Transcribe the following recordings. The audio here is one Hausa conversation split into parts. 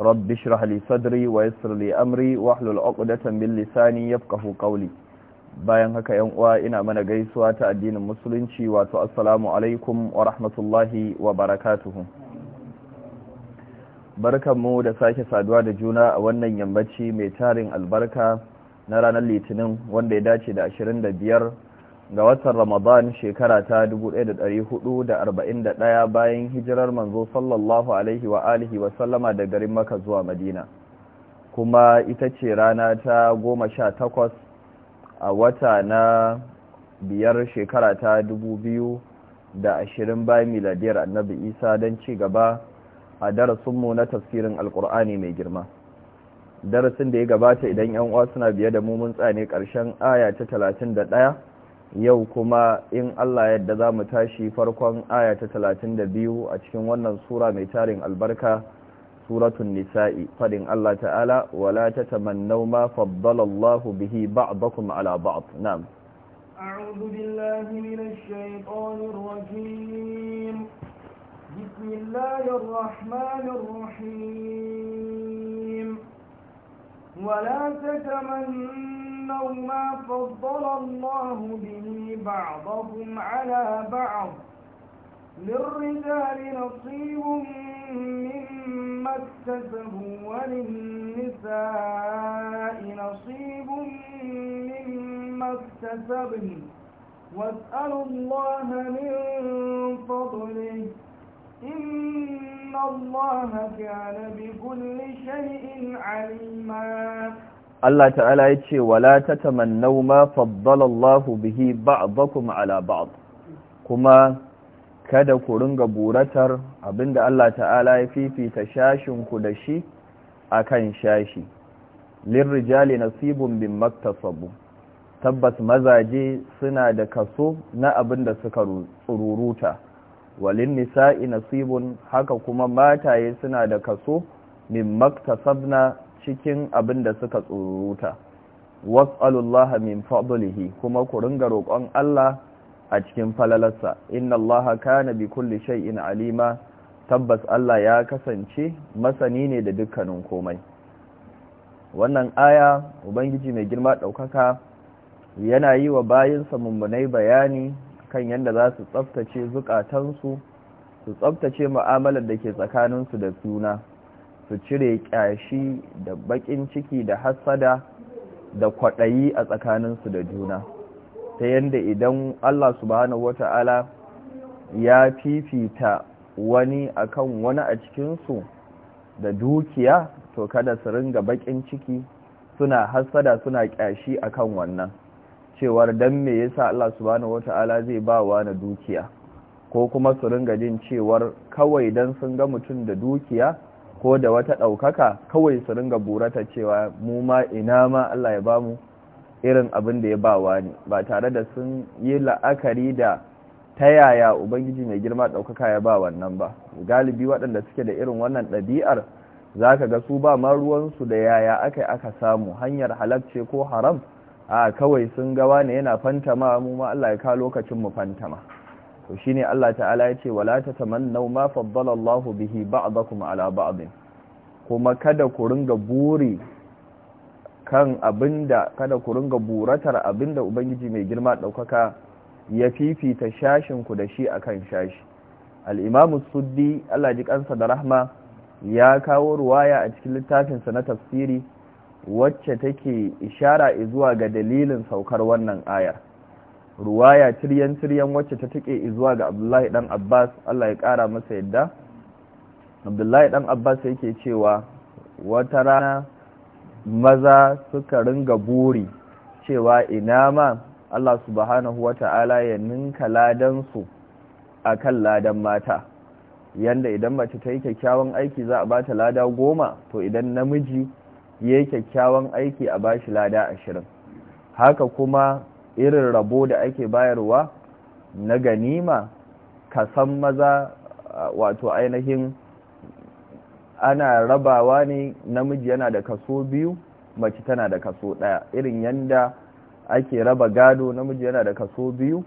رب اشرح لي صدري ويسر لي امري واحلل عقدة من لساني يفقهوا قولي bayan haka yan uwa ina mana gaisuwa ta addinin musulunci wato assalamu alaikum wa rahmatullahi wa barakatuhu barkanmu da sake saduwa da juna a wannan yammaci mai tarin albarka na ranar litinin wanda ya dace da 25 ga watan Ramadan shekara ta 1441 bayan hijirar manzo sallallahu alaihi wa alihi wa sallama da garin maka zuwa Madina kuma ita ce rana ta 18 a wata na biyar shekara ta 2020 bayan miladiyar Annabi Isa don ci gaba a darasinmu na tafsirin Alkur'ani mai girma darasin da ya gabata idan yan uwa suna biye da mu mun tsane ƙarshen aya ta 31 yau kuma in Allah yadda za mu tashi farkon aya ta 32 a cikin wannan sura mai tarin albarka suratun nisa'i fadin Allah ta'ala wala ta tatamannaw ma faddala Allah bihi ba'dakum ala ba'd na'am a'udhu billahi minash shaitanir rajim bismillahir rahmanir rahim wala tatamannaw تَرَوْنَوْا مَا فَضَّلَ اللَّهُ بِهِ بعضهم عَلَى بَعْضٍ للرجال نصيب مما اكتسبوا وللنساء نصيب مما اكتسبن واسألوا الله من فضله إن الله كان بكل شيء عليما Allah ta'ala ya ce wala tatamannau ma faddala bihi ba'dakum ala ba'd kuma kada ku ringa buratar abinda Allah ta'ala ya fifita shashin ku da shi akan shashi lirrijali nasibun bin tabbas mazaje suna da kaso na abinda suka tsururuta walin nisa'i nasibun haka kuma mataye suna da kaso min maktasabna cikin abin da suka tsoruta was'alullaha min fadlihi kuma ku ringa roƙon Allah a cikin falalarsa inna allaha kana bi kulli shay'in alima tabbas Allah ya kasance masani ne da dukkanin komai wannan aya ubangiji mai girma ɗaukaka yana yi wa bayinsa mummunai bayani kan yadda za su tsaftace zukatansu su tsaftace mu'amalar da ke tsakaninsu da juna su cire kyashi da bakin ciki da hasada da kwaɗayi a tsakaninsu da juna ta yadda idan Allah subhanahu wata'ala ya fifita wani akan wani a cikinsu da dukiya to kada su ringa bakin ciki suna hasada suna kyashi akan wannan cewar don me yasa Allah subhanahu wata'ala zai ba wa na dukiya ko kuma su ringa jin cewar kawai don sun ga mutum da dukiya ko da wata ɗaukaka kawai su ringa burata cewa mu ma ina ma Allah ya bamu irin abin da ya ba wani ba tare da sun yi la'akari da ta yaya ubangiji mai girma ɗaukaka ya ba wannan ba galibi waɗanda suke da irin wannan ɗabi'ar za ka ga su ba ma ruwansu da yaya aka aka samu hanyar halacce ko haram a kawai sun gawa ne yana fantama mu ma Allah ya ka lokacin mu fantama to shine Allah ta'ala ya ce wala tatamannu ma faddala Allah bihi ba'dakum ala ba'd kuma kada ku ringa buri kan abinda kada ku ringa buratar abinda ubangiji mai girma daukaka ya fifita shashin ku da shi akan shashi al-imamu suddi Allah ji kansa da rahma ya kawo ruwaya a cikin littafinsa na tafsiri wacce take ishara zuwa ga dalilin saukar wannan ayar ruwaya ciryan ciryan wacce ta take zuwa ga abdullahi dan abbas Allah ya kara masa yadda abdullahi dan abbas yake cewa wata rana maza suka ringa buri cewa ina ma Allah subhanahu wata'ala ya ninka ladan su akan ladan mata yanda idan mace ta yi kyakkyawan aiki za a ba ta lada goma to idan namiji ya yi kyakkyawan aiki a ba shi lada ashirin haka kuma irin rabo da ake bayarwa na ganima kasan maza wato ainihin ana rabawa ne namiji yana da kaso biyu mace tana da kaso ɗaya irin yanda ake raba gado namiji yana da kaso biyu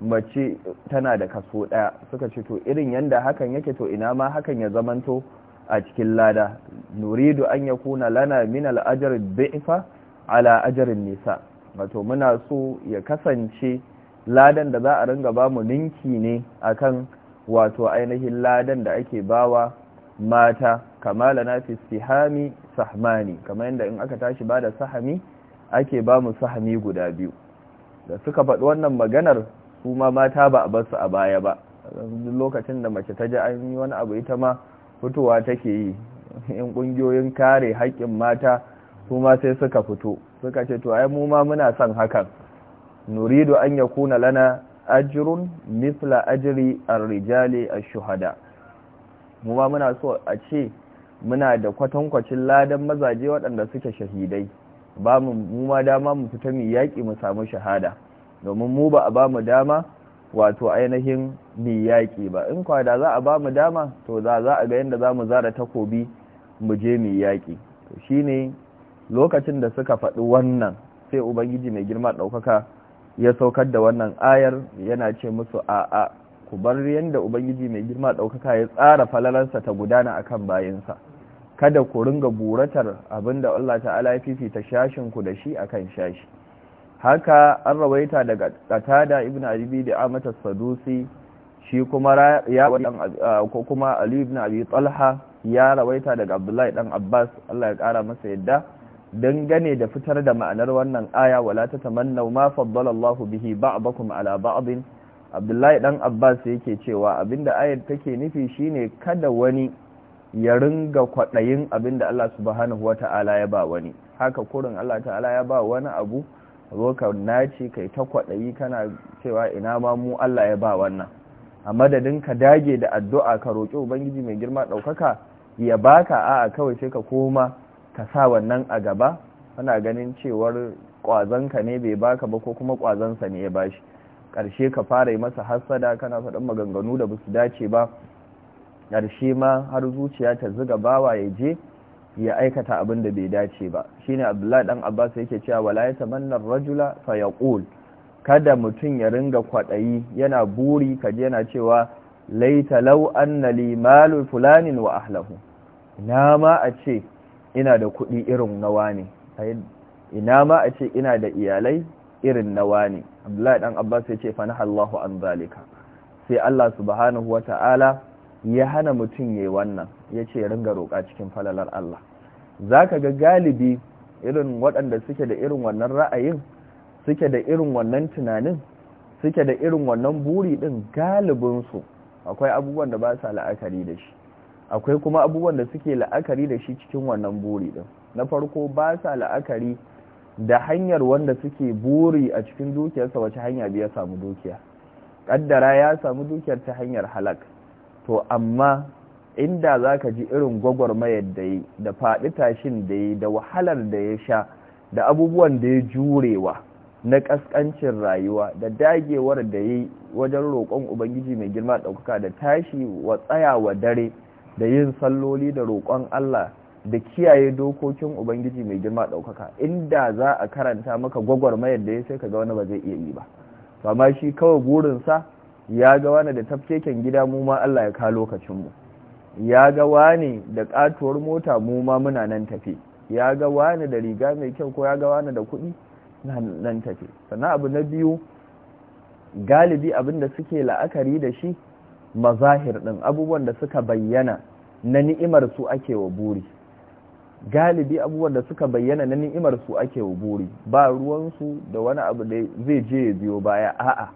mace tana da kaso ɗaya suka ce to irin yanda hakan yake to ina ma hakan ya zamanto a cikin lada nuridu an yakuna lana min al bi'fa ala ajarin nisa wato muna so ya kasance ladan da za a ringa ba mu ninki ne akan wato ainihin ladan da ake bawa mata kamala na fi sihami sahmani kamar yadda in aka tashi ba da sahami ake ba mu sahami guda biyu da suka faɗi wannan maganar su mata ba a basu a baya ba lokacin da mace ta ji an yi wani abu ita ma fitowa take yi in ƙungiyoyin kare haƙƙin mata su ma sai suka fito suka ce to ai mu ma muna son hakan nuridu an yakuna lana Ajirun, Mifla, Ajiri, ar-rijali ash-shuhada mu ma muna so a ce muna da kwatankwacin ladan mazaje waɗanda suke shahidai ba mu ma dama mu fita mu yaƙi mu samu shahada domin mu ba a ba mu dama wato ainihin mu yaƙi ba in kwa da za a ba mu dama to za za a ga yadda za mu zara takobi mu je mu yaƙi to shine lokacin da suka faɗi wannan sai ubangiji mai girma ɗaukaka ya saukar da wannan ayar yana ce musu a'a ku bar yadda ubangiji mai girma ɗaukaka ya tsara falalarsa ta gudana akan bayansa kada ku ringa buratar abinda Allah ta'ala ya fifita shashin ku da shi akan shashi haka an rawaita daga qatada ibn abi da amata sadusi shi kuma ya ko kuma ali ibn abi talha ya rawaita daga abdullahi dan abbas Allah ya kara masa yadda dangane da fitar da ma'anar wannan aya wala ta tatamannaw ma faddala Allah bihi ba'dakum ala ba'd Abdullahi dan Abbas yake cewa abinda ayar take nufi shine kada wani ya ringa kwadayin abinda Allah subhanahu wata'ala ya ba wani haka kurin Allah ta'ala ya ba wani abu zo ka naci kai ta kwadayi kana cewa ina ma mu Allah ya ba wannan a madadin ka dage da addu'a ka roki ubangiji mai girma daukaka ya baka a'a kawai sai ka koma ka sa wannan a gaba ana ganin cewar kwazonka ne bai baka ba ko kuma kwazonsa ne ya ba shi. ƙarshe ka fara yi masa hassada kana faɗin maganganu da ba su dace ba ƙarshe ma har zuciya ta ziga bawa ya je ya aikata abin da bai dace ba Shi ne abdullahi dan abbas yake cewa wala yatamanna ar-rajula fa yaqul kada mutum ya ringa kwaɗayi yana buri kaji yana cewa laita lau malu fulanin wa ahlahu na ma a ce ina da kuɗi irin nawa ne ina ma a ce ina da iyalai irin nawa ne abdullahi dan abbas ya ce fana allahu an zalika sai allah subhanahu wa ta'ala ya hana mutum yayi wannan yace ringa roƙa cikin falalar allah za ka ga galibi irin waɗanda suke da irin wannan ra'ayin suke da irin wannan tunanin suke da irin wannan buri ɗin galibinsu akwai abubuwan da ba sa la'akari da shi akwai kuma abubuwan da suke la'akari da shi cikin wannan buri din na farko ba sa la'akari da hanyar wanda suke buri a cikin dukiyarsa wace hanya biya samu dukiya Ƙaddara ya samu dukiyar ta hanyar halak to amma inda za ka ji irin gwagwarmayar da yi da faɗi tashin da yi da wahalar da ya sha da abubuwan da ya jurewa na ƙasƙancin rayuwa da dagewar da yi wajen roƙon ubangiji mai girma ɗaukaka da tashi wa tsaya wa dare da yin salloli da roƙon Allah da kiyaye dokokin ubangiji mai girma ɗaukaka inda za a karanta maka gwagwarmayar da ya sai ka ga wani ba zai iya yi ba amma shi kawai burinsa ya ga wani da tafkeken gida mu ma Allah ya ka lokacinmu ya ga wani da katuwar mota mu ma muna nan tafe ya ga wani da riga mai kyau ko ya ga wani da kuɗi nan tafe sannan abu na biyu galibi abin da suke la'akari da shi mazahir ɗin abubuwan da suka bayyana na ni'imar su ake wa buri galibi abubuwan da suka bayyana na ni'imar su ake wa buri ba ruwansu da wani abu da zai je ya biyo baya a'a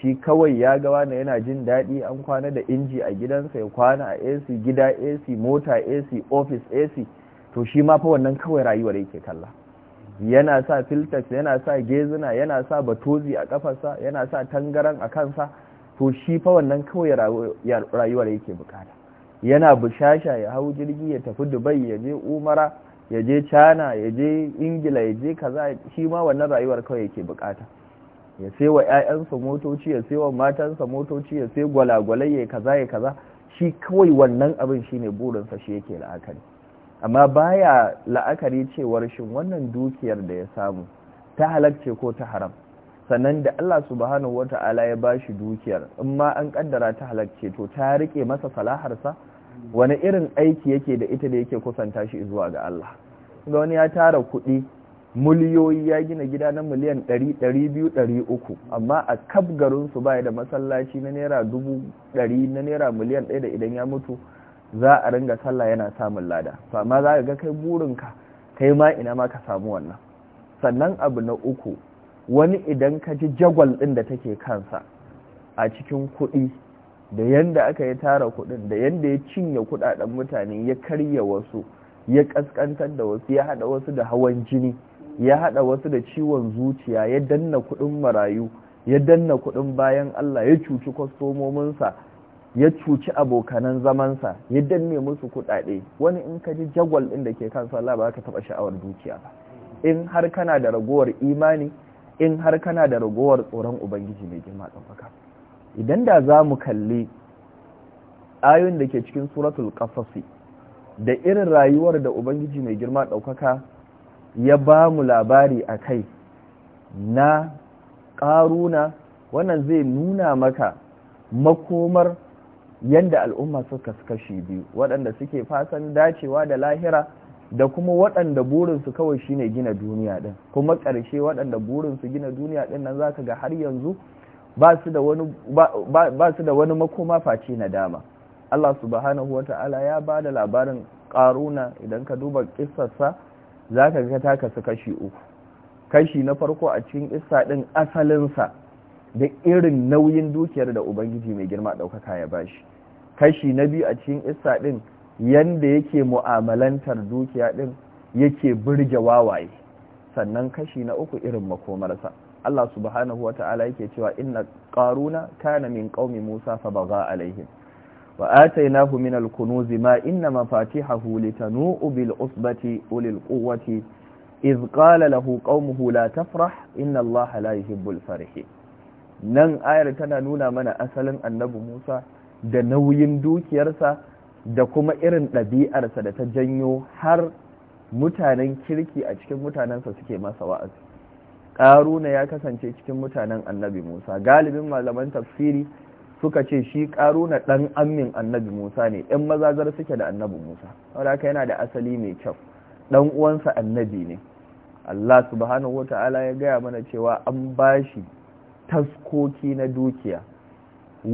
shi kawai ya gawa na yana jin daɗi an kwana da inji a gidansa ya kwana a ac gida ac mota ac ofis ac to shi ma fa wannan kawai rayuwar yake kalla yana sa filtex yana sa gezina yana sa batozi a kafarsa yana sa tangaran a kansa to shi fa wannan kawai rayuwar yake bukata yana bushasha ya hau jirgi ya tafi dubai ya je umara ya je china ya je ingila ya je kaza shi ma wannan rayuwar kawai yake bukata ya sai wa 'ya'yansa motoci ya sai wa matansa motoci ya sai gwalagwalai ya kaza ya kaza shi kawai wannan abin shi ne burinsa shi yake la'akari amma baya la'akari cewar shin wannan dukiyar da ya samu ta halacce ko ta haram sannan da Allah subhanahu ta'ala ya bashi dukiyar in ma an kaddara ta halacce to ta rike masa salaharsa wani irin aiki yake da ita da yake kusanta shi zuwa ga Allah ga wani ya tara kuɗi miliyoyi ya gina gida na miliyan 200-300 amma a kaf garinsu baya da masallaci na naira 100 na naira miliyan 1 da idan ya mutu za a ringa sallah yana samun lada To amma za ka ga kai burinka kai ma ina ma ka samu wannan sannan abu na uku wani idan ka ji jagwal ɗin da take kansa a cikin kuɗi da yanda aka yi tara kuɗin da yanda ya cinye kuɗaɗen mutane ya karya wasu ya ƙasƙantar da wasu ya haɗa wasu da hawan jini ya haɗa wasu da ciwon zuciya ya danna kuɗin marayu ya danna kuɗin bayan Allah ya cuci kwastomominsa ya cuci abokanan zamansa ya danne musu kuɗaɗe wani in ka ji jagwal ɗin da ke kansa Allah ba ka taɓa sha'awar zuciya ba in har kana da ragowar imani in har kana da ragowar tsoron ubangiji mai girma ɗaukaka idan da za mu kalli ayoyin da ke cikin suratul ƙasasi da irin rayuwar da ubangiji mai girma ɗaukaka ya ba mu labari a kai na ƙaruna wannan zai nuna maka makomar yadda al'umma suka kashi biyu waɗanda suke fasan dacewa da lahira da kuma waɗanda burinsu kawai shine gina duniya ɗin kuma ƙarshe waɗanda burinsu gina duniya ɗin nan zaka ga har yanzu ba su da wani makoma face na dama Allah subhanahu wa ta'ala ya ba da labarin ƙaruna idan ka duba ƙisarsa za ka ga ta kasu kashi uku kashi na farko a cikin ƙisa ɗin asalinsa da irin nauyin dukiyar da ubangiji mai girma ɗaukaka ya bashi kashi na biyu a cikin ƙisa ɗin yanda yake mu'amalantar dukiya din yake burge wawaye sannan kashi na uku irin makomarsa Allah subhanahu wata'ala yake cewa inna qaruna kana min qaumi Musa fa baga alaihim wa atainahu min al-kunuz ma inna mafatihahu litanu'u bil usbati ulil quwwati iz qala lahu qaumuhu la tafrah inna Allah la yuhibbul farihin nan ayar tana nuna mana asalin annabi Musa da nauyin dukiyarsa da kuma irin ɗabi'arsa da ta janyo har mutanen kirki a cikin mutanensa suke masa wa'azi ƙaruna ya kasance cikin mutanen annabi musa galibin malaman tafsiri suka ce shi ƙaruna ɗan ammin annabi musa ne ‘yan mazazar suke da annabi musa wadda aka yana da asali mai kyau ɗan uwansa annabi ne allah subhanahu wa ta'ala ya gaya mana cewa an ba shi taskoki na dukiya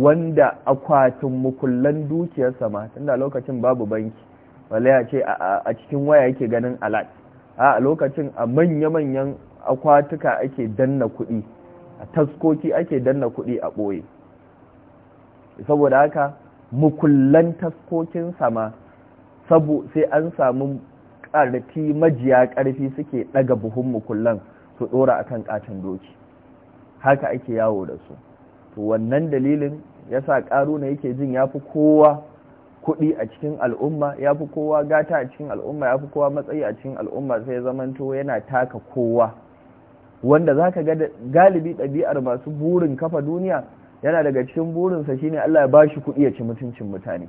wanda akwatin mukullan dukiyar sama tunda lokacin babu banki wala ya ce a cikin waya yake ganin alat a lokacin a manya-manyan akwatuka ake danna kuɗi a taskoki ake danna kuɗi a ɓoye saboda haka mukullan taskokin sama sabu sai an samu ƙarfi majiya ƙarfi suke ɗaga buhun mukullan su ɗora akan katin doki haka ake yawo da su to wannan dalilin ya yasa ƙaruna yake jin ya fi kowa kuɗi a cikin al'umma ya fi kowa gata a cikin al'umma ya fi kowa matsayi a cikin al'umma sai ya zamanto yana taka kowa wanda zaka ga galibi ɗabi'ar masu burin kafa duniya yana daga cikin burinsa shi ne Allah ya shi kuɗi ya ci mutuncin mutane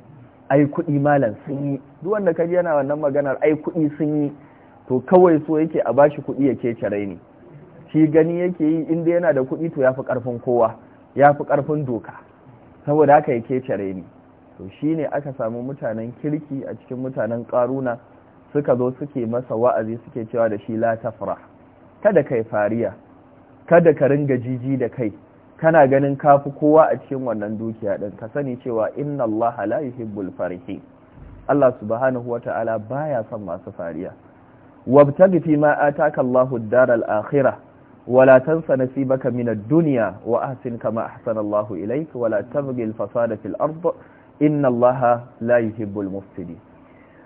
ai kuɗi malam sun yi duk wanda kaji yana wannan maganar ai kuɗi sun yi to kawai so yake a ba shi kuɗi ya cire raini shi gani yake yi inda yana da kuɗi to ya fi ƙarfin kowa ya fi ƙarfin doka saboda haka ya kecere ni to shi ne aka samu mutanen kirki a cikin mutanen ƙaruna suka zo suke masa wa'azi suke cewa da shi la tafra kada kai fariya kada ka ringa jiji da kai kana ganin kafi kowa a cikin wannan dukiya din ka sani cewa inna Allaha la yuhibbul farihin Allah subhanahu wata'ala baya son masu fariya wabtaghi fi ma ataka Allahu ad-daral Akhira. wala tansa nasibaka min ad-dunya wa ahsin kama ahsana Allahu ilayk wala tabghi fasada fil ard inna Allaha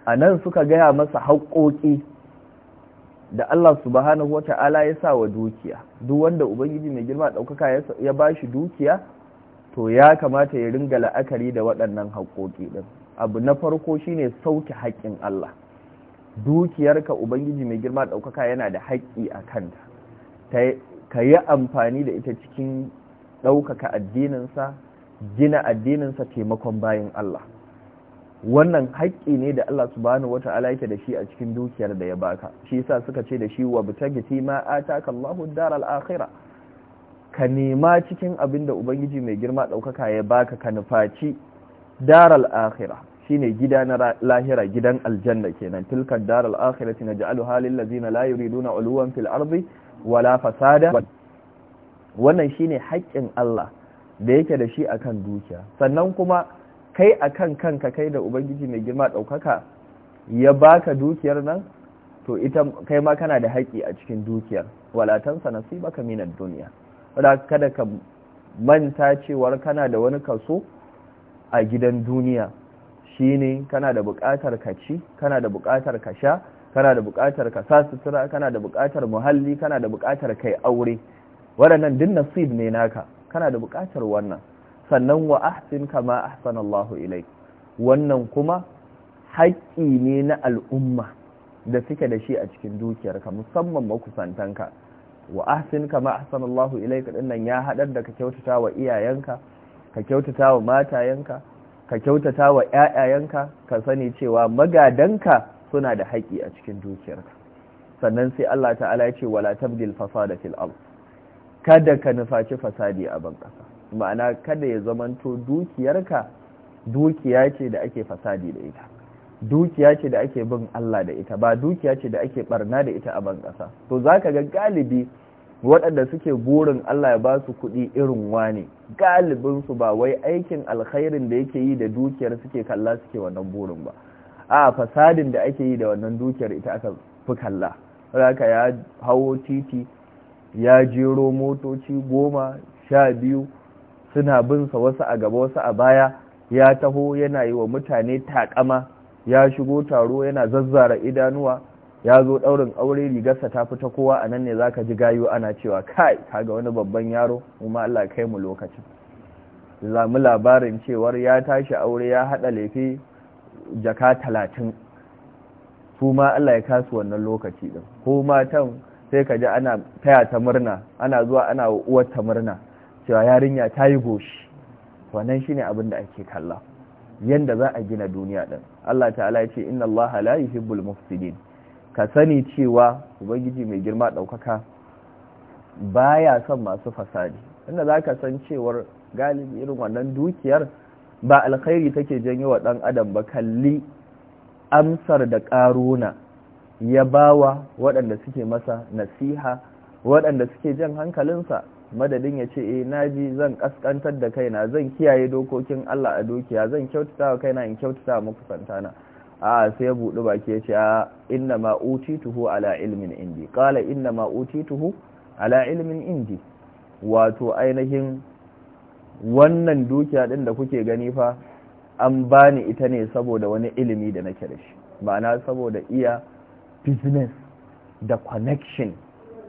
anan suka gaya masa haƙoƙi da Allah subhanahu ta'ala ya sa wa dukiya duk wanda ubangiji mai girma daukaka ya ba shi dukiya to ya kamata ya ringa la'akari da waɗannan haƙoƙi din abu na farko shine sauke haƙƙin Allah dukiyarka ubangiji mai girma ɗaukaka yana da haƙƙi a kanta ka yi amfani da ita cikin ɗaukaka addininsa gina addininsa taimakon bayan Allah wannan haƙƙi ne da Allah subhanahu wata'ala yake da shi a cikin dukiyar da ya baka shi yasa suka ce da shi wa bitagiti ma ataka Allahu ad-daral ka nema cikin abin da Ubangiji mai girma ɗaukaka ya baka ka nufaci daral akhirah shine gida na lahira gidan aljanna kenan tilkad daral akhirati naj'alu halil ladina la yuriduna ulwan fil ardi wala fasada wannan shine haƙƙin Allah da yake da shi akan dukiya sannan kuma kai akan kanka kai da ubangiji mai girma daukaka ya baka dukiyar nan to ita kai ma kana da haƙƙi a cikin dukiyar wala tansa nasibaka minad dunya kada ka manta cewa kana da wani kaso a gidan duniya shi ne kana da buƙatar ka ci kana da buƙatar ka sha kana da buƙatar ka sa sutura kana da buƙatar muhalli kana da buƙatar kai aure waɗannan duk nasib ne naka kana da buƙatar wannan sannan wa ahsin kama ahsanallahu ilai. wannan kuma haƙƙi ne na al'umma da suke da shi a cikin dukiyarka musamman makusantanka wa ahsin kama ahsanallahu ka dinnan ya haɗar da ka kyautata wa iyayenka ka kyautata wa matayenka ka kyautata wa ‘ya'yayenka ka sani cewa magadanka suna da haƙi a cikin dukiyarka sannan sai Allah ta'ala ya ce wala tabdil fasada fil ard kada ka nufaci fasadi a ban ƙasa ma'ana kada ya zamanto dukiyarka dukiya ce da ake fasadi da ita dukiya ce da ake bin Allah da ita ba dukiya ce da ake barna da ita a ban ƙasa to ka ga galibi waɗanda suke burin Allah ya ba su kuɗi irin wani galibin su ba wai aikin alkhairin da yake yi da dukiyar suke kalla suke wannan burin ba a fasadin da ake yi da wannan dukiyar ita aka fi kalla raka ya hawo titi ya jero motoci goma sha biyu suna bin sa wasu a gaba wasu a baya ya taho yana yi wa mutane takama ya shigo taro yana zazzara idanuwa ya zo ɗaurin aure rigarsa ta fi ta kowa a nan ne za ka ji gayu ana cewa kai kaga wani babban yaro kuma Allah kai mu lokacin zamu labarin cewar ya tashi aure ya haɗa lefe jaka talatin su ma Allah ya kasu wannan lokaci ɗin ko matan sai ka ji ana taya ta murna ana zuwa ana uwar ta murna cewa yarinya ta yi goshi wannan shine abin da ake kalla yanda za a gina duniya ɗin Allah ta'ala ya ce inna Allah la yuhibbul mufsidin ka sani cewa ubangiji mai girma ɗaukaka baya son masu fasadi inda za ka san cewar galibi irin wannan dukiyar ba alkhairi take janyo wa ɗan adam ba kalli amsar da ƙaruna ya bawa waɗanda suke masa nasiha waɗanda suke jan hankalinsa madadin ya ce eh na ji zan kaskantar da kaina zan kiyaye dokokin Allah a dukiya zan kyautata wa kaina in kyautata wa makusantana a sai buɗe baki ya ce a inna ma utituhu ala ilmin indi qala inna ma utituhu ala ilmin indi wato ainihin wannan dukiya ɗin da kuke gani fa an bani ita ne saboda wani ilimi da nake da shi ma'ana saboda iya business da connection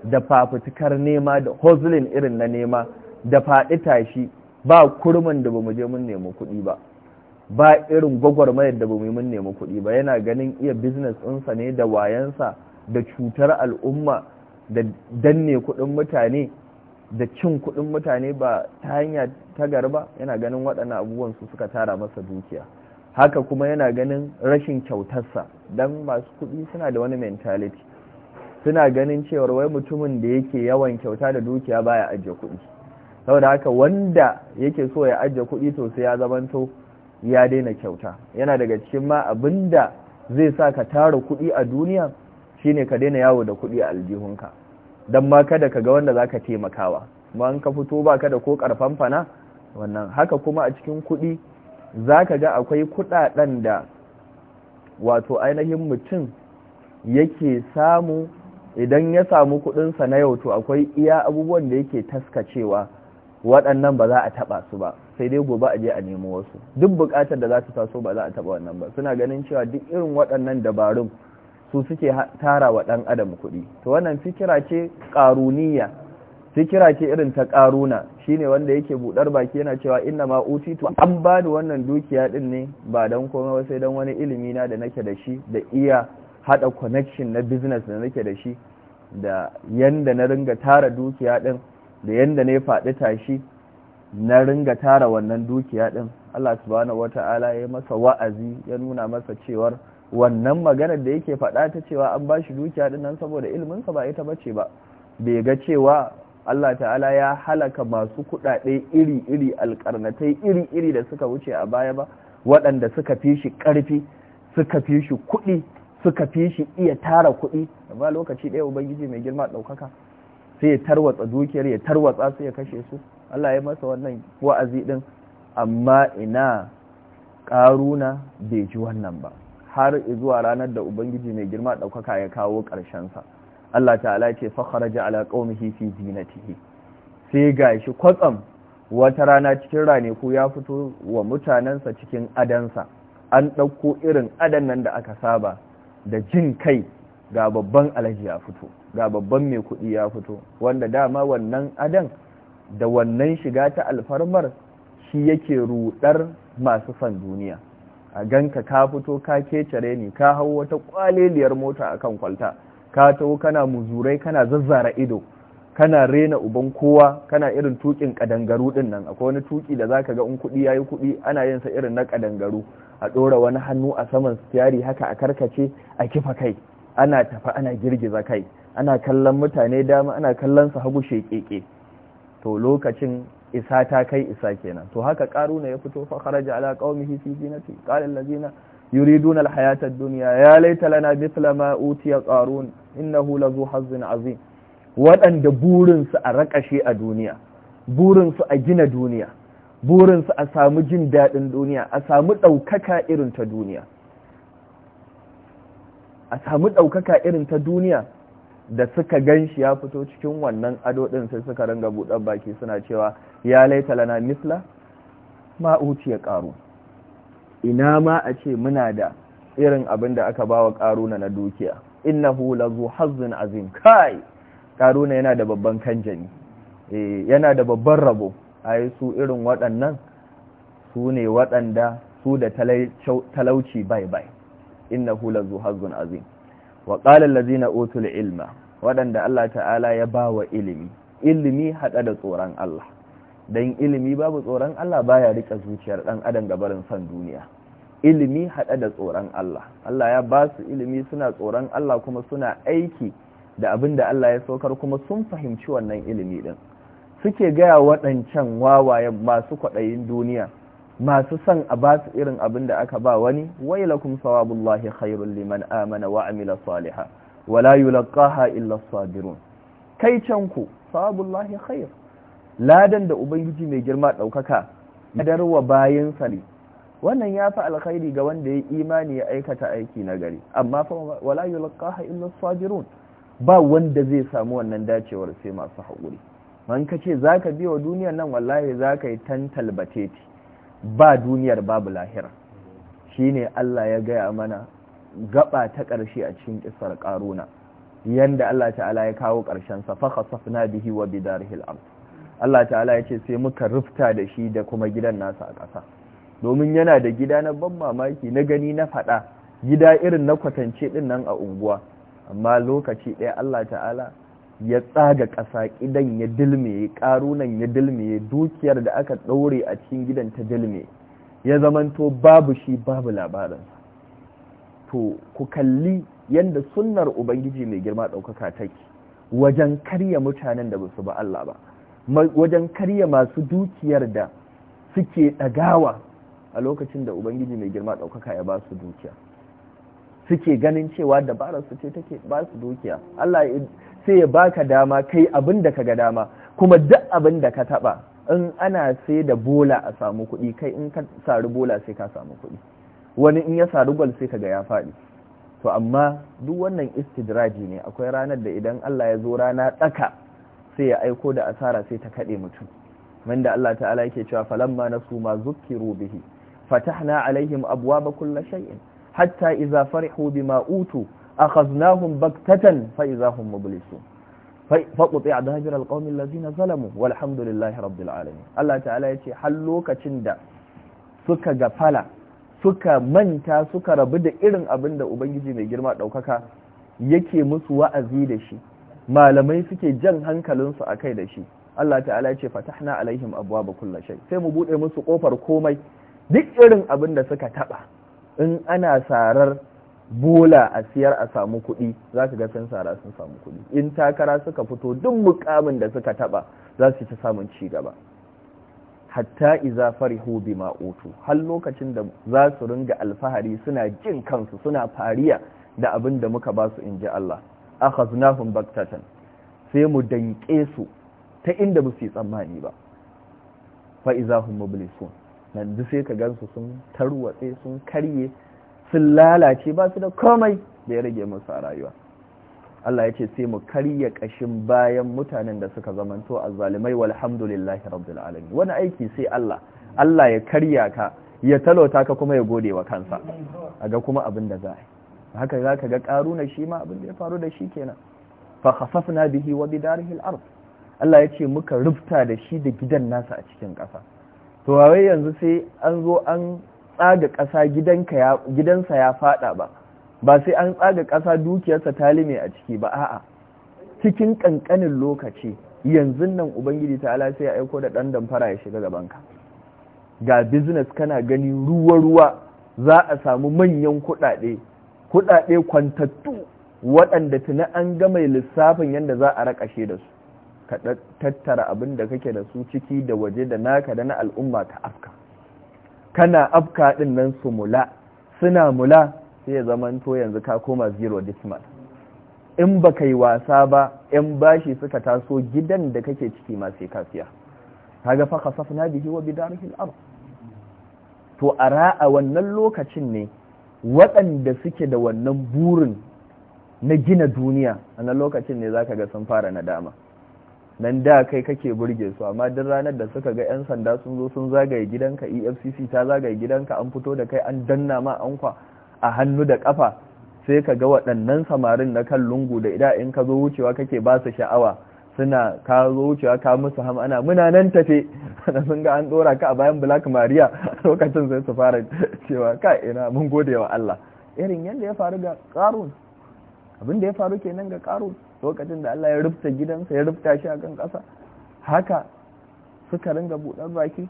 da fafutukar nema da hustling irin na nema da faɗi tashi ba kurmin da bamu je mun nemo kuɗi ba ba irin gwagwarmayar da bamu mun nemi kuɗi ba yana ganin iya business ɗinsa ne da wayansa da cutar al'umma da danne kuɗin mutane da cin kuɗin mutane ba ta hanya ta ba. yana ganin waɗannan abubuwan su suka tara masa dukiya haka kuma yana ganin rashin kyautarsa don masu kuɗi suna da wani mentality suna ganin cewar wai mutumin da yake yawan kyauta da dukiya baya ajiye kuɗi saboda haka wanda yake so ya ajiye kuɗi to sai ya zamanto ya daina kyauta yana daga cikin ma abinda zai sa ka tara kuɗi a duniya shine ka daina yawo da kuɗi a aljihunka don ma kada ka ga wanda za ka taimakawa ma an ka fito ba kada ko ƙarfan fana wannan haka kuma a cikin kuɗi za ka ga akwai kuɗaɗen da wato ainihin mutum yake samu idan ya samu kuɗinsa na yau to akwai iya abubuwan da yake taskacewa waɗannan ba za a taɓa su ba sai dai gobe a je a nemo wasu duk bukatar da za su taso ba za a taba wannan ba suna ganin cewa duk irin waɗannan dabarun su suke tara wa ɗan adam kuɗi to wannan fikira ce ƙaruniya fikira ce irin ta ƙaruna shine wanda yake buɗar baki yana cewa inna ma utitu an ba ni wannan dukiya ɗin ne ba don komai ba sai don wani ilimi na da nake da shi da iya haɗa connection na business da nake da shi da yanda na ringa tara dukiya ɗin da yanda na faɗi tashi na ringa tara wannan dukiya din Allah subhanahu wata'ala ya masa wa'azi ya nuna masa cewar wannan maganar da yake faɗa ta cewa an ba shi dukiya din nan saboda ilimin sa ba ita bace ba bai ga cewa Allah ta'ala ya halaka masu kuɗaɗe iri-iri alƙarnatai iri-iri da suka wuce a baya ba waɗanda suka fi shi ƙarfi suka fi shi kuɗi suka fi shi iya tara kuɗi amma lokaci ɗaya ubangiji mai girma ɗaukaka sai ya tarwatsa dukiyar ya tarwatsa sai ya kashe su Allah ya masa wannan wa'azi din amma ina karuna bai ji wannan ba har zuwa ranar da ubangiji mai girma daukaka ya kawo karshen sa Allah ta'ala ya ce fa kharaja ala qaumihi fi zinatihi sai gashi kwatsam wata rana cikin rane ko ya fito wa mutanensa cikin adansa an ɗauko irin adan nan da aka saba da jin kai ga babban alhaji ya fito ga babban mai kuɗi ya fito wanda dama wannan adan da wannan shiga ta alfarmar shi yake rudar masu san duniya a ganka ka fito ka kecere ni ka hau wata kwaleliyar mota akan kwalta ka taho kana muzurai kana zazzara ido kana rena uban kowa kana irin tukin kadangaru din nan akwai wani tuki da zaka ga in kudi yayi kudi ana yin sa irin na kadangaru a dora wani hannu a saman tsiyari haka a karkace a kifa kai ana tafa ana girgiza kai ana kallon mutane dama ana kallon su hagu sheƙeƙe to lokacin isa ta kai isa kenan to haka karuna ya fito fa kharaja ala qaumihi fi zinati qala allazina yuriduna alhayata ad-dunya ya laita lana mithla ma utiya qarun innahu lazu hazzin azim waɗanda burinsu a rakashe a duniya burinsu a gina duniya burinsu a samu jin daɗin duniya a samu ɗaukaka irin ta duniya a samu ɗaukaka irin ta duniya da suka gan shi ya fito cikin wannan ado ɗin sai suka ringa buɗar baki suna cewa ya laita lana misla ma ya ƙaru ina ma a ce muna da irin abin da aka bawa ƙaruna na dukiya innahu lazu hazin azin kai ƙaruna yana da babban kanjani eh, yana da babban rabo A yi su irin waɗannan su ne waɗanda su da talauci bai bai innahu lazu hazzun azim wa qala allazina utul ilma waɗanda Allah ta'ala ya bawa ilimi ilimi hada da tsoron Allah dan ilimi babu tsoron Allah baya rika zuciyar dan adam gabarin san duniya ilimi hada da tsoron Allah Allah ya ba su ilimi suna tsoron Allah kuma suna aiki da abin da Allah ya saukar kuma sun fahimci wannan ilimi din suke gaya waɗancan wawaye masu kwaɗayin duniya masu son a ba su irin abin da aka ba wani wailakum sawabullahi khairul liman amana wa amila salihah wala yulqaha illa sabirun kai can ku sawabullahi khair ladan da ubangiji mai girma daukaka darwa bayin sali wannan ya fi alkhairi ga wanda ya imani ya aikata aiki na gari amma fa wala yulqaha illa sabirun ba wanda zai samu wannan dacewar sai masu hakuri man kace zaka biya wa duniyar nan wallahi zaka yi tantalbateti ba duniyar babu lahira Shi ne Allah ya gaya mana gaba ta ƙarshe a cikin ƙisar ƙaruna yanda Allah ta'ala ya kawo ƙarshensa fakhasafna bihi wa bidarihil ard Allah ta'ala ya ce sai muka rufta da shi da kuma gidan nasa a ƙasa domin yana da gida na ban mamaki na gani na faɗa gida irin na kwatance ɗin nan a unguwa amma lokaci ɗaya Allah ta'ala ya tsaga ƙasa idan ya dilme ƙarunan ya dilme dukiyar da aka ɗaure a cikin gidan ta dilme ya zamanto babu shi babu labarinsa to ku kalli yadda sunnar ubangiji mai girma ɗaukaka take wajen karya mutanen da basu ba Allah ba wajen karya masu dukiyar da suke ɗagawa a lokacin da ubangiji mai girma ɗaukaka ya basu dukiya suke ganin cewa dabarar ce take ba su dukiya Allah sai ya baka dama kai abin da ka ga dama kuma duk abin da ka taba in ana sai da bola a samu kuɗi kai in ka sari bola sai ka samu kuɗi wani in ya sari gwal sai ka ga ya faɗi to amma duk wannan istidraji ne akwai ranar da idan Allah ya zo rana tsaka sai ya aiko da asara sai ta kaɗe mutum wanda Allah ta'ala yake cewa falamma nasu ma zukiru bihi fatahna alaihim abwaba kulli shay'in hatta idza farihu bima utu akhadnahum baktatan fa idahum mublisun faƙuɗe a dahajar alƙaunin lazina zalamu walhamdulillahi rabbil alamin Allah ta'ala ya ce har lokacin da suka gafala suka manta suka rabu da irin abin da ubangiji mai girma ɗaukaka yake musu wa'azi da shi malamai suke jan hankalinsu a kai da shi Allah ta'ala ya ce fatahna alaihim abuwa ba kulle shai sai mu buɗe musu ƙofar komai duk irin abin da suka taɓa in ana sarar bola a siyar a samu kuɗi za ka ga sara sun samu kuɗi in takara suka fito duk mukamin da suka taɓa za su ci samun ci gaba hatta iza farihu bima utu har lokacin da za su ringa alfahari suna jin kansu suna fariya da abin da muka ba su inji Allah akhaznahum baktatan sai mu danƙe su ta inda ba yi tsammani ba fa iza hum mublisun nan duk sai ka gansu sun tarwatse sun karye sun lalace ba su da komai da ya rage musu a rayuwa Allah ya ce sai mu karya kashin bayan mutanen da suka zamanto a zalimai walhamdulillahi rabbil alamin wani aiki sai Allah Allah ya karya ka ya talauta ka kuma ya gode wa kansa a ga kuma abin da za a haka za ka ga karuna shi ma abin da ya faru da shi kenan fa na bihi wa bidarihi al-ard Allah ya ce muka rufta da shi da gidan nasa a cikin ƙasa to yanzu sai an zo an tsaga ƙasa gidansa ya fada ba ba sai an tsaga ƙasa dukiyarsa ta lime a ciki ba a'a cikin ƙanƙanin lokaci yanzu nan ubangiji ta ala sai ya aiko da ɗan damfara ya shiga gabanka ga business kana gani ruwa-ruwa za a samu manyan kuɗaɗe kuɗaɗe kwantattu waɗanda tuni an ga mai lissafin yadda za a raƙashe da su ka tattara abin da kake da su ciki da waje da naka da na al'umma ta afka kana afka din nan su mula suna mula sai ya zamanto yanzu ka koma zero decimal in ba yi wasa ba yan bashi suka taso gidan da kake ciki ma sai kafiya kaga fa khasafna bihi wa bidarihi al-ard to ara a wannan lokacin ne waɗanda suke da wannan burin na gina duniya a lokacin ne zaka ga sun fara nadama nan da kai kake burge su amma duk ranar da suka ga 'yan sanda sun zo sun zagaye gidanka efcc ta zagaye gidanka an fito da kai an danna ma ankwa a hannu da kafa sai ka ga waɗannan samarin na kan lungu da ida in ka zo wucewa kake ba su sha'awa suna ka zo wucewa ka musu ham ana muna nan tafe da sun ga an dora ka a bayan black maria lokacin sai su fara cewa ka ina mun gode wa allah irin yadda ya faru ga karun abin da ya faru kenan ga karo lokacin da Allah ya rufta gidansa ya rufta shi akan ƙasa haka suka ringa buɗar baki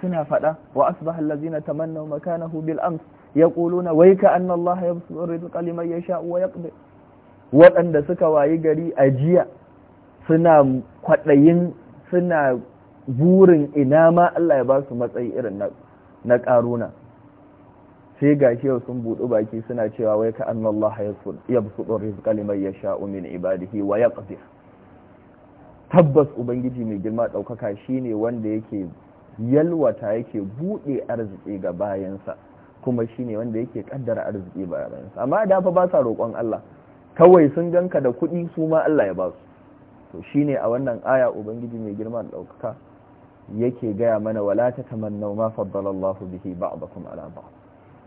suna faɗa wa asbaha allazina tamannaw makanahu bil ams yaquluna wayka anna Allah yabsutu rizqa liman yasha wa yaqdir waɗanda suka wayi gari a jiya suna kwaɗayin suna burin ina ma Allah ya ba su matsayi irin na karuna sai ga shi sun buɗu baki suna cewa wai ka annan Allah ya buɗu rizqa liman yasha'u min ibadihi wa yaqdir tabbas ubangiji mai girma ɗaukaka shine wanda yake yalwata yake buɗe arziki ga bayansa kuma shine wanda yake kaddara arziki bayansa amma da fa ba sa roƙon Allah kawai sun ganka da kuɗi su ma Allah ya ba su to shine a wannan aya ubangiji mai girma ɗaukaka yake gaya mana wala tamanna ma faddala Allahu bihi ba'dakum ala ba'd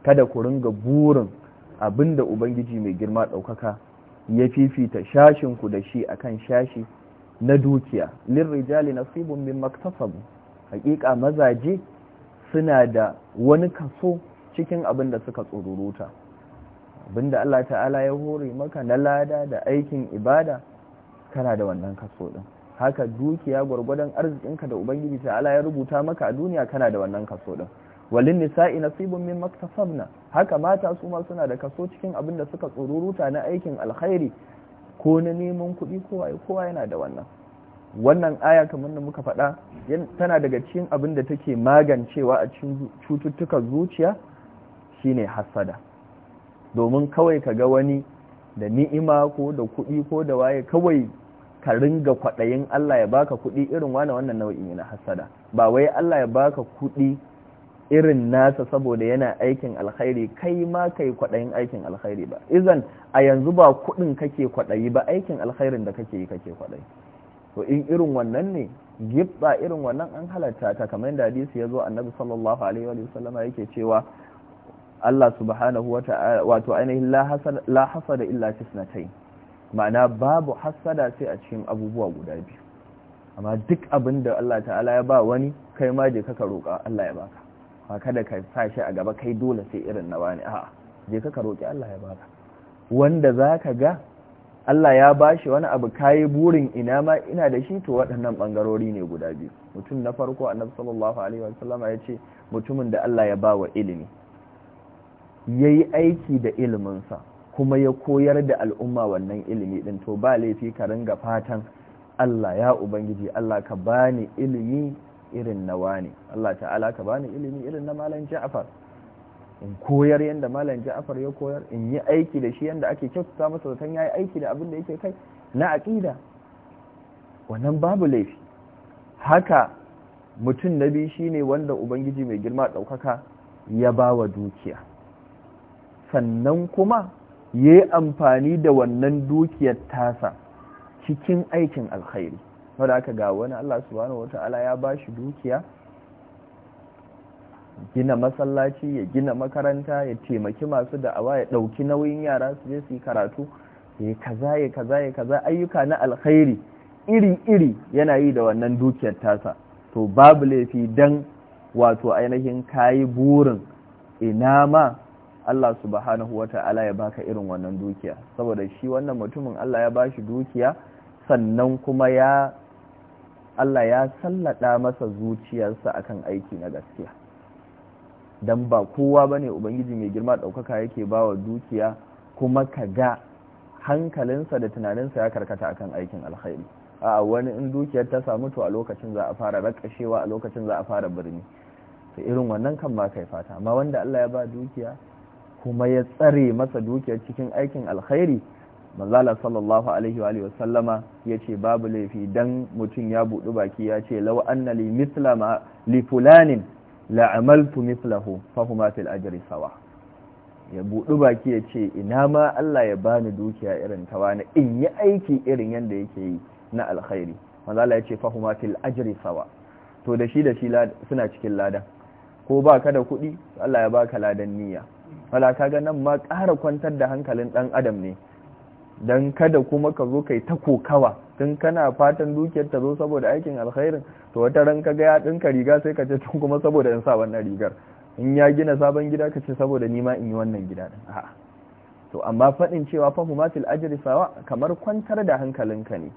kada ku ringa burin abinda ubangiji mai girma ɗaukaka ya fifita shashinku da shi akan shashi na dukiya lirrijali nasibun min maktasabu hakika mazaje suna da wani kaso cikin abin da suka tsururuta abin da Allah ta'ala ya hore maka na lada da aikin ibada kana da wannan kaso din haka dukiya gwargwadon arzikinka da ubangiji ta'ala ya rubuta maka a duniya kana da wannan kaso din walin nisa'i nasibun min maktasabna haka mata su ma suna da kaso cikin abin da suka tsururuta na aikin alkhairi ko na neman kuɗi kowa yana da wannan wannan aya kamar da muka faɗa tana daga cikin abin da take magancewa a cikin cututtukan zuciya shine hasada domin kawai ka ga wani da ni'ima ko da kuɗi ko da waye kawai ka ringa kwaɗayin Allah ya baka kuɗi irin wani wannan nau'i na hasada ba wai Allah ya baka kuɗi irin nasa saboda yana aikin alkhairi kai ma kai kwaɗayin aikin alkhairi ba izan a yanzu ba kuɗin kake kwaɗayi ba aikin alkhairin da kake yi kake kwaɗayi to in irin wannan ne gibba irin wannan an halarta, ta kamar yadda hadisi ya zo annabi sallallahu alaihi wa sallama yake cewa Allah subhanahu wa ta'ala wato ainihin la hasada illa tisnatain ma'ana babu hasada sai a cikin abubuwa guda biyu amma duk abin da Allah ta'ala ya ba wani kai ma je ka roƙa Allah ya baka ba kada ka sa shi a gaba kai dole sai irin na bani a'a je ka roki Allah ya baka wanda za ka ga Allah ya bashi wani abu kayi burin ina ma ina da shi to waɗannan bangarori ne guda biyu mutum na farko nan sallallahu alaihi wa sallam ya ce mutumin da Allah ya ba wa ilimi ya yi aiki da iliminsa kuma ya koyar da al'umma wannan ilimi ɗin to ba laifi ka ringa fatan Allah ya ubangiji Allah ka bani ilimi irin nawa ne? Allah ta'ala ka bani ilimi irin na malam Ja'far in koyar yanda malam Ja'far ya koyar in yi aiki da shi yanda ake kyautata masa ya yayi aiki da abin da yake kai na aqida wannan babu laifi haka mutum na biyu shine wanda ubangiji mai girma daukaka ya bawa dukiya sannan kuma yayi amfani da wannan dukiyar tasa cikin aikin alkhairi wadda aka ga wani Allah subhanahu ta'ala ya ba shi dukiya gina masallaci ya gina makaranta ya taimaki masu da'awa ya dauki nauyin yara su je su yi karatu ya kaza ya kaza ya kaza ayyuka na alkhairi iri-iri yana yi da wannan dukiyar tasa to babu laifi dan wato ainihin kayi burin ina ma Allah subhanahu wata'ala ya baka irin wannan dukiya saboda shi wannan mutumin Allah ya bashi dukiya sannan kuma ya Allah ya sallada masa zuciyarsa akan aiki na gaskiya Don ba kowa bane ubangiji mai girma ɗaukaka yake bawa dukiya kuma ka ga hankalinsa da tunaninsa ya karkata akan aikin alkhairi a wani in dukiyar ta samu to a lokacin za a fara rakashewa a lokacin za a fara birni ta irin wannan kan ma kai fata amma wanda Allah ya ba dukiya kuma ya tsare masa dukiyar cikin aikin alkhairi manzala sallallahu alaihi wa alihi ya yace babu laifi dan mutum ya buɗi baki yace lau anna li mithla ma li fulanin la amaltu fa fil ajri sawa ya budu baki yace ina ma Allah ya bani dukiya irin ta in yi aiki irin yanda yake yi na alkhairi manzala yace fa huma fil ajri sawa to da shi da shi suna cikin ladan ko ba ka da kuɗi Allah ya baka ladan niyya wala kaga nan ma ƙara kwantar da hankalin ɗan adam ne don kada kuma ka zo kai ta kokawa tun kana fatan dukiyar ta zo saboda aikin alkhairin to wata ran ka ga ya dinka riga sai ka ce tun kuma saboda in sa wannan rigar in ya gina sabon gida ka ce saboda nima in yi wannan gida din a'a to amma fadin cewa fa humatil ajri sawa kamar kwantar da hankalinka ne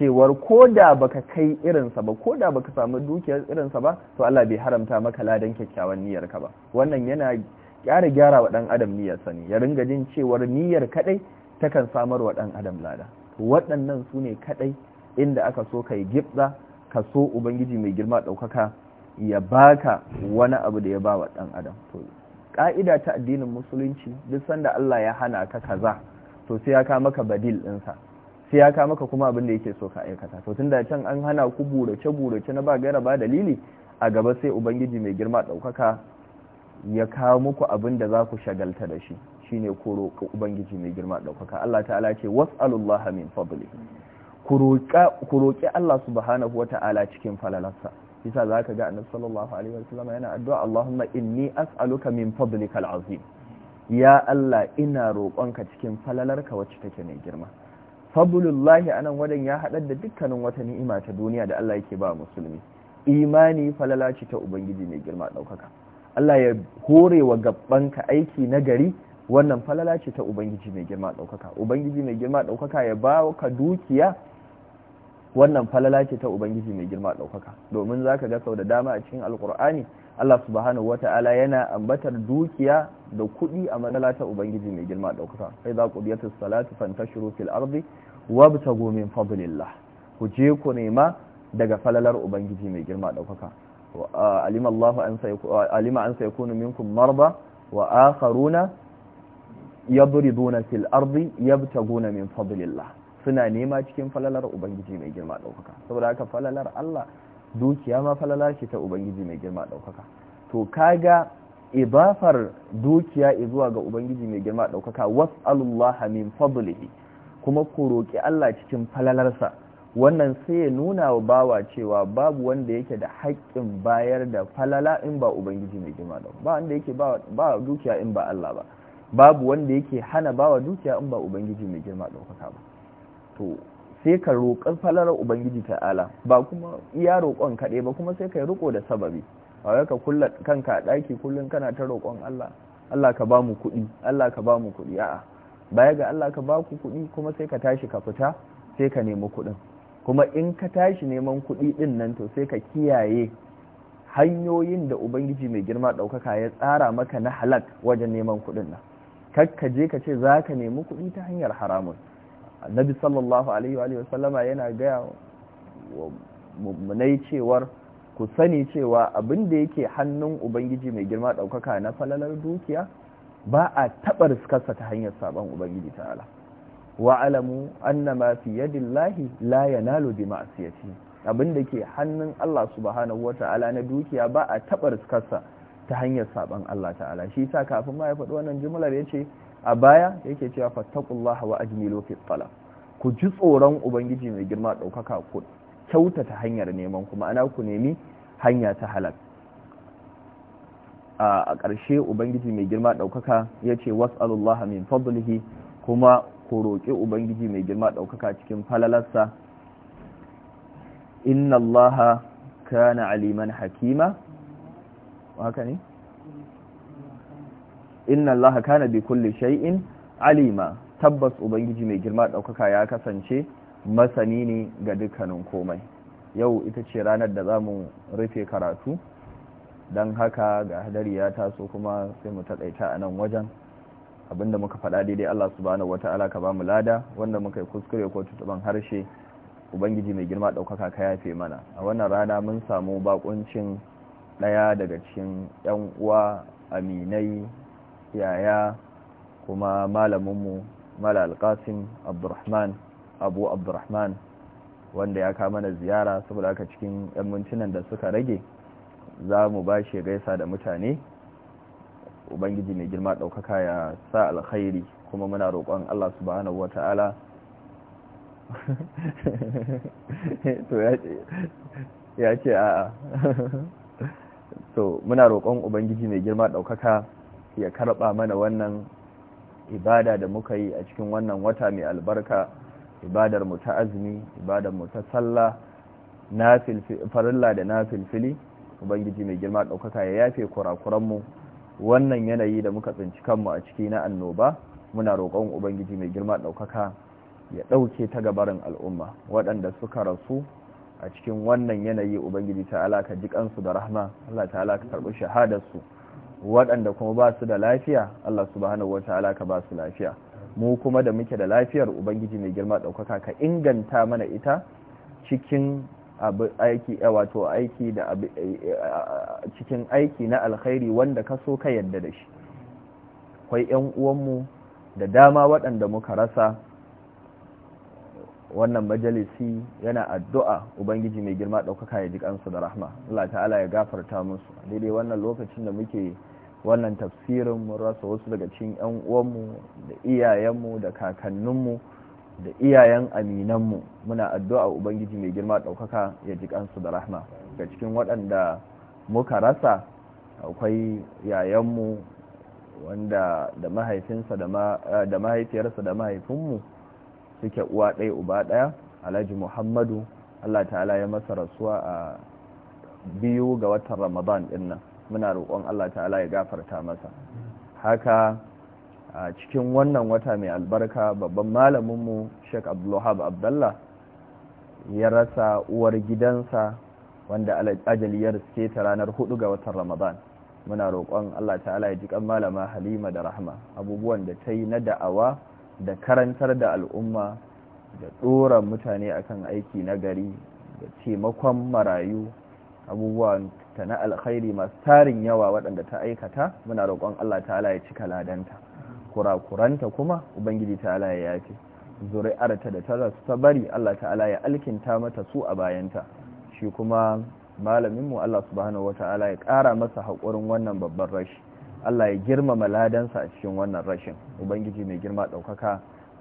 cewar koda baka kai irinsa ba koda baka samu dukiyar irinsa ba to Allah bai haramta maka ladan kyakkyawan niyyarka ba wannan yana kyara gyara wa dan adam niyyarsa ne ya ringa jin cewar niyyar kadai takan samar wa ɗan adam lada waɗannan su ne kaɗai inda aka so ka yi gibza ka so ubangiji mai girma ɗaukaka ya baka wani abu da ya ba wa ɗan adam to ƙa'ida ta addinin musulunci duk sanda Allah ya hana ka kaza to sai ya ka maka badil ɗinsa sai ya ka maka kuma abin da yake so ka aikata to tunda can an hana ku burace burace na ba gaira ba dalili a gaba sai ubangiji mai girma ɗaukaka ya kawo muku abin da za ku shagalta da shi shine ku roƙa ubangiji mai girma daukaka. Allah ta'ala ce was'alullaha min fadli ku roƙi Allah subhanahu wata'ala cikin falalarsa yasa zaka ga annabi sallallahu alaihi wasallam yana addu'a Allahumma inni as'aluka min fadlikal azim ya Allah ina roƙonka cikin falalarka wacce take mai girma fadlullahi anan wadan ya haɗar da dukkanin wata ni'ima ta duniya da Allah yake ba musulmi imani falala ce ta ubangiji mai girma daukaka. Allah ya hore wa gabbanka aiki na gari wannan falala ce ta ubangiji mai girma ɗaukaka ubangiji mai girma ɗaukaka ya ba ka dukiya wannan falala ce ta ubangiji mai girma ɗaukaka domin za ka ga sau da dama a cikin alkur'ani allah subhanahu wata'ala yana ambatar dukiya da kuɗi a matsala ta ubangiji mai girma ɗaukaka sai za ku biyatar salatu fantashiru fil ardi wabtagu min fadlillah ku je ku nema daga falalar ubangiji mai girma ɗaukaka alima an sayakunu minkum marba wa akharuna yadribuna fil ta yabtaguna min fadlillah suna nema cikin falalar ubangiji mai girma daukaka saboda haka falalar Allah dukiya ma falala ce ta ubangiji mai girma daukaka to kaga ibafar dukiya zuwa ga ubangiji mai girma daukaka was'alullaha min fadlihi kuma ku roki Allah cikin falalar sa wannan sai ya nuna wa bawa cewa babu wanda yake da haƙƙin bayar da falala in ba ubangiji mai girma ba wanda yake ba dukiya in ba Allah ba babu wanda yake hana bawa dukiya in ba ubangiji mai girma ɗaukaka ba to sai ka roƙar falalar ubangiji ta'ala ba kuma iya roƙon kaɗai ba kuma sai ka yi roƙo da sababi a wai ka kulla kanka a ɗaki kullum kana ta roƙon Allah Allah ka ba mu kuɗi Allah ka ba mu kuɗi a'a baya ga Allah ka ba ku kuɗi kuma sai ka tashi ka fita sai ka nemi kuɗin kuma in ka tashi neman kuɗi ɗin nan to sai ka kiyaye hanyoyin da ubangiji mai girma ɗaukaka ya tsara maka na halak wajen neman kuɗin nan kakka je ka ce za ka nemi kuɗi ta hanyar haramun annabi sallallahu alaihi wa sallama yana gaya wa mummunai cewar ku sani cewa abin da yake hannun ubangiji mai girma ɗaukaka na falalar dukiya ba a taɓa riskarsa ta hanyar sabon ubangiji ta ala. wa alamu annama fi lahi la yanalu bi ma'siyati abin da ke hannun Allah subhanahu ta'ala na dukiya ba a taɓa riskarsa ta hanyar saban Allah ta'ala shi ta kafin ma ya faɗi wannan jumlar ce a baya yake cewa fattaqullaha wa ajmilu fi talab ku ji tsoron ubangiji mai girma daukaka ku kyautata hanyar neman kuma ana ku nemi hanya ta halal a ƙarshe ubangiji mai girma ɗaukaka ya ce wasu min fadlihi kuma ku roƙi ubangiji mai girma ɗaukaka cikin falalarsa inna allaha kana aliman hakima haka ne inna allaha kana bi kulli shay'in alima tabbas ubangiji mai girma daukaka ya kasance masani ne ga dukkanin komai yau ita ce ranar da zamu rufe karatu dan haka ga hadari ya taso kuma sai mu taɗaita a nan wajen abinda muka faɗa daidai Allah subhanahu wata'ala ka bamu lada wanda muka yi kuskure ko tutuban harshe ubangiji mai girma daukaka ka yafe mana a wannan rana mun samu bakuncin ɗaya daga cikin 'yan uwa aminai yaya kuma malaminmu mala alkasim abdurrahman abu abdurrahman wanda ya kama na ziyara saboda aka cikin 'yan mintunan da suka rage za mu ba shi gaisa da mutane ubangiji mai girma ɗaukaka ya sa alkhairi kuma muna roƙon allah subhanahu wa ta'ala ya ce a'a so muna roƙon ubangiji mai girma ɗaukaka ya karɓa mana wannan ibada da muka yi a cikin wannan wata mai albarka ibadar mu ta azumi ibadar mu ta sallah na farilla da na filfili ubangiji mai girma ɗaukaka ya yafe kurakuranmu wannan yanayi da muka tsinci kanmu a ciki na annoba muna roƙon ubangiji mai girma ɗaukaka ya ɗauke ta gabarin al'umma waɗanda suka rasu a cikin wannan yanayi ubangiji ta'ala ka jikansu da rahma Allah ta'ala ka karbi shahadarsu waɗanda kuma ba su da lafiya Allah subhanahu wata'ala ka ba su lafiya mu kuma da muke da lafiyar ubangiji mai girma ɗaukaka ka inganta mana ita cikin aiki eh, wato aiki da eh, eh, cikin aiki na alkhairi wanda ka so ka yadda da shi kwai 'yan uwanmu da dama waɗanda muka rasa wannan majalisi yana addu'a ubangiji mai girma ɗaukaka ya ji kansu da rahma Allah ta'ala ya gafarta musu daidai wannan lokacin da muke wannan tafsirin mun rasa wasu daga cikin yan uwanmu da iyayenmu da kakanninmu da iyayen aminanmu muna addu'a ubangiji mai girma ɗaukaka ya ji kansu da rahma ga cikin waɗanda muka rasa akwai yayanmu wanda da mahaifinsa da mahaifiyarsa da mahaifinmu suke uwa ɗaya uba ɗaya alhaji muhammadu allah ta'ala ya masa rasuwa a biyu ga watan ramadan ɗin nan muna roƙon allah ta'ala ya gafarta masa haka a cikin wannan wata mai albarka babban malaminmu sheik abdullahab abdallah ya rasa uwar gidansa wanda ajaliyar ya ta ranar hudu ga watan ramadan muna roƙon allah ta'ala ya ji kan malama halima da rahama abubuwan da ta yi na da'awa da karantar da al'umma da tsoron mutane akan aiki na gari da taimakon marayu abubuwa ta na alkhairi masu tarin yawa waɗanda ta aikata muna roƙon Allah ta'ala ya cika ladanta kurakuranta kuma ubangiji ta'ala ya yafe zuri'arta da ta ta bari Allah ta'ala ya alkinta mata su a bayanta shi kuma malaminmu Allah subhanahu Ta'ala ya ƙara masa haƙurin wannan babban rashi Allah ya girmama ladansa a cikin wannan rashin ubangiji mai girma ɗaukaka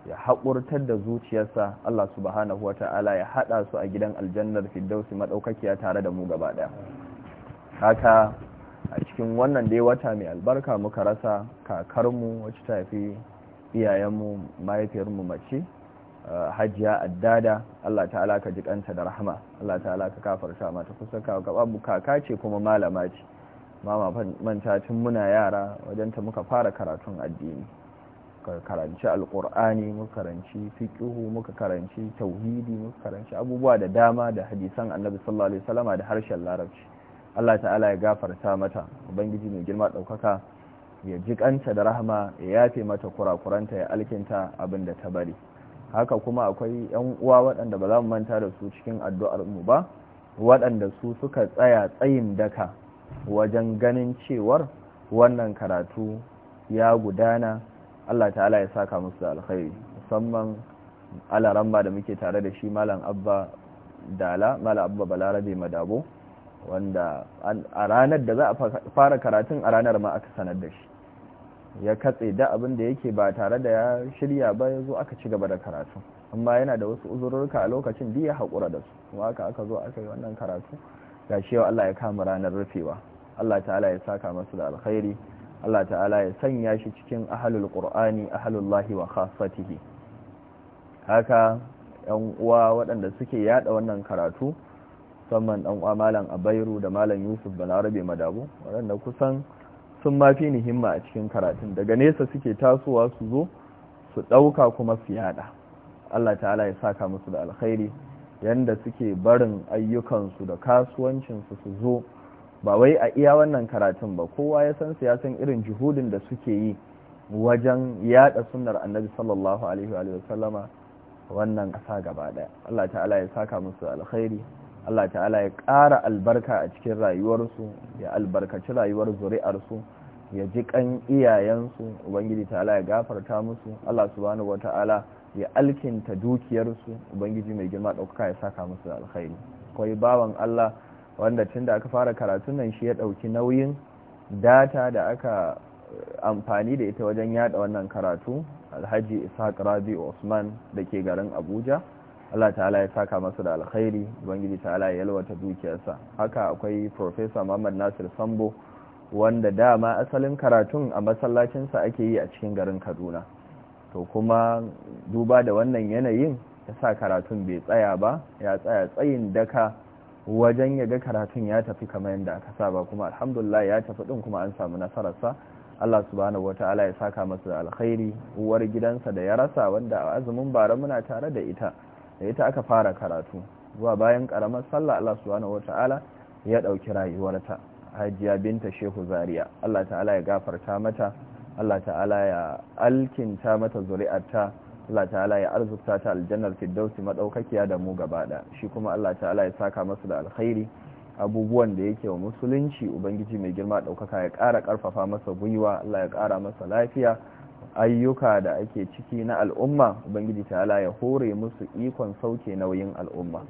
ya haƙurtar da zuciyarsa Allah subhanahu wa ta'ala ya haɗa su a gidan aljannar Fiddausi maɗaukakiya tare da mu gaba ɗaya haka a cikin wannan dai wata mai albarka muka rasa kakarmu wacce ta fi iyayenmu mahaifiyarmu mace eh, hajiya addada Allah ta'ala ka ji kanta da rahama Allah ta'ala ka kafarta mata kusa ka gaba mu kaka ce kuma malama ce mama manta tun muna yara wajen ta muka fara karatun addini muka karanci alkur'ani muka karanci fiqhu muka karanci tauhidi muka karanci abubuwa da dama da hadisan annabi sallallahu alaihi wasallama da harshen larabci Allah ta'ala ya gafarta mata ubangiji mai girma daukaka ya ji jikanta da rahama ya yafe mata kurakuranta ya alkinta abinda ta bari haka kuma akwai yan uwa waɗanda ba za mu manta da su cikin addu'ar mu ba waɗanda su suka tsaya tsayin daka wajen ganin cewar wannan karatu ya gudana Allah ta'ala ya saka musu da alkhairi musamman alaramba da muke tare da shi malam abba dala malam abba balarabe madabo wanda a ranar da za a fara karatun a ranar ma aka sanar da shi ya katse da abin da yake ba tare da ya shirya ba ya zo aka ci gaba da karatu amma yana da wasu uzururka a lokacin da ya haƙura da su kuma aka zo aka yi wannan karatu ga shi Allah ya kama ranar rufewa Allah ta'ala ya saka masu da alkhairi Allah ta'ala ya sanya shi cikin ahalul qur'ani ahalullahi wa khassatihi haka yan uwa waɗanda suke yada wannan karatu musamman ɗan uwa malam Abairu da malam Yusuf Balarabe Madabu waɗanda kusan sun mafi ni himma a cikin karatun daga nesa suke tasowa su zo su ɗauka kuma su yada Allah ta'ala ya saka masu da alkhairi yanda suke barin ayyukansu da kasuwancinsu su zo ba wai a iya wannan karatun ba kowa ya san siyasan irin jihudin da suke yi wajen yada sunnar annabi sallallahu alaihi wa sallama wannan kasa gaba daya Allah ta'ala ya saka musu alkhairi Allah ta'ala ya ƙara albarka a cikin rayuwarsu ya albarkaci rayuwar zuri'arsu ya ji kan iyayensu ubangiji ta'ala ya gafarta musu Allah subhanahu ta'ala. ya alkinta dukiyarsu ubangiji mai girma ɗaukaka ya saka musu alkhairi kawai bawan allah wanda tun da aka fara karatun nan shi ya ɗauki nauyin data da aka eh, amfani da ita wajen yada wannan karatu alhaji ishaq rabi usman da ke garin abuja allah ta'ala ya saka masu da alkhairi ubangiji ta'ala ya yalwata dukiyarsa haka akwai professor muhammad nasir sambo wanda dama asalin karatun a masallacinsa ake yi a cikin garin kaduna to kuma duba da wannan yanayin ya sa karatun bai tsaya ba ya tsaya tsayin daka wajen ya ga karatun ya tafi kamar yadda aka saba kuma alhamdulillah ya tafi din kuma an samu nasararsa Allah subhanahu wataala ya saka masa alkhairi uwar gidansa da ya rasa wanda a azumin bara muna tare da ita da ita aka fara karatu zuwa bayan karamar sallah Allah subhanahu wataala ya dauki rayuwarta Hajiya binta Shehu Zaria Allah ta'ala ya gafarta mata Allah ta'ala ya alkinta mata zuri'arta Allah ta'ala ya arzuta ta aljannar firdausi madaukakiya da mu gaba shi kuma Allah ta'ala ya saka masa da alkhairi abubuwan da yake wa musulunci ubangiji mai girma daukaka ya kara karfafa masa gwiwa Allah ya ƙara masa lafiya ayyuka da ake ciki na al'umma ubangiji ta'ala ya hore musu ikon sauke nauyin al'umma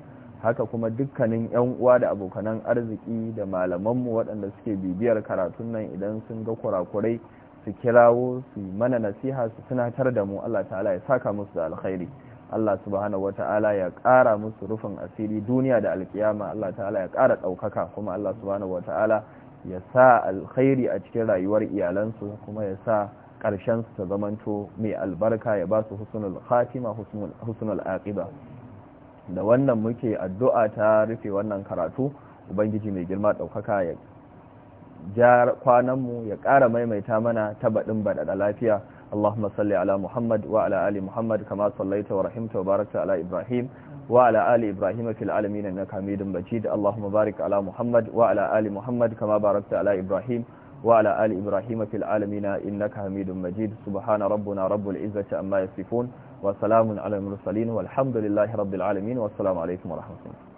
haka kuma dukkanin yan uwa da abokanan arziki da malaman mu waɗanda suke bibiyar karatun nan idan sun ga kurakurai su kirawo su mana nasiha su tunatar da mu Allah ta'ala ya saka musu da alkhairi Allah subhanahu ta'ala ya ƙara musu rufin asiri duniya da alkiyama Allah ta'ala ya kara ɗaukaka kuma Allah subhanahu ta'ala ya sa alkhairi a cikin rayuwar iyalansu kuma ya sa ƙarshen su zamanto mai albarka ya ba su husnul khatima husnul aqiba da wannan muke addu'a ta rufe wannan karatu ubangiji mai girma ɗaukaka ya kwananmu ya ƙara maimaita mana ta baɗin baɗaɗa lafiya Allahumma salli ala Muhammad wa ala ali Muhammad kama sallaita wa rahimta wa barakta ala Ibrahim wa ala ali Ibrahim fil alamin innaka Hamidum Majid Allahumma barik ala Muhammad wa ala ali Muhammad kama barakta ala Ibrahim wa ala ali Ibrahim fil alamin innaka Hamidum Majid subhana rabbuna rabbul izzati amma yasifun wa salamun ala al mursalin walhamdulillahi rabbil alamin wassalamu alaikum wa rahmatullahi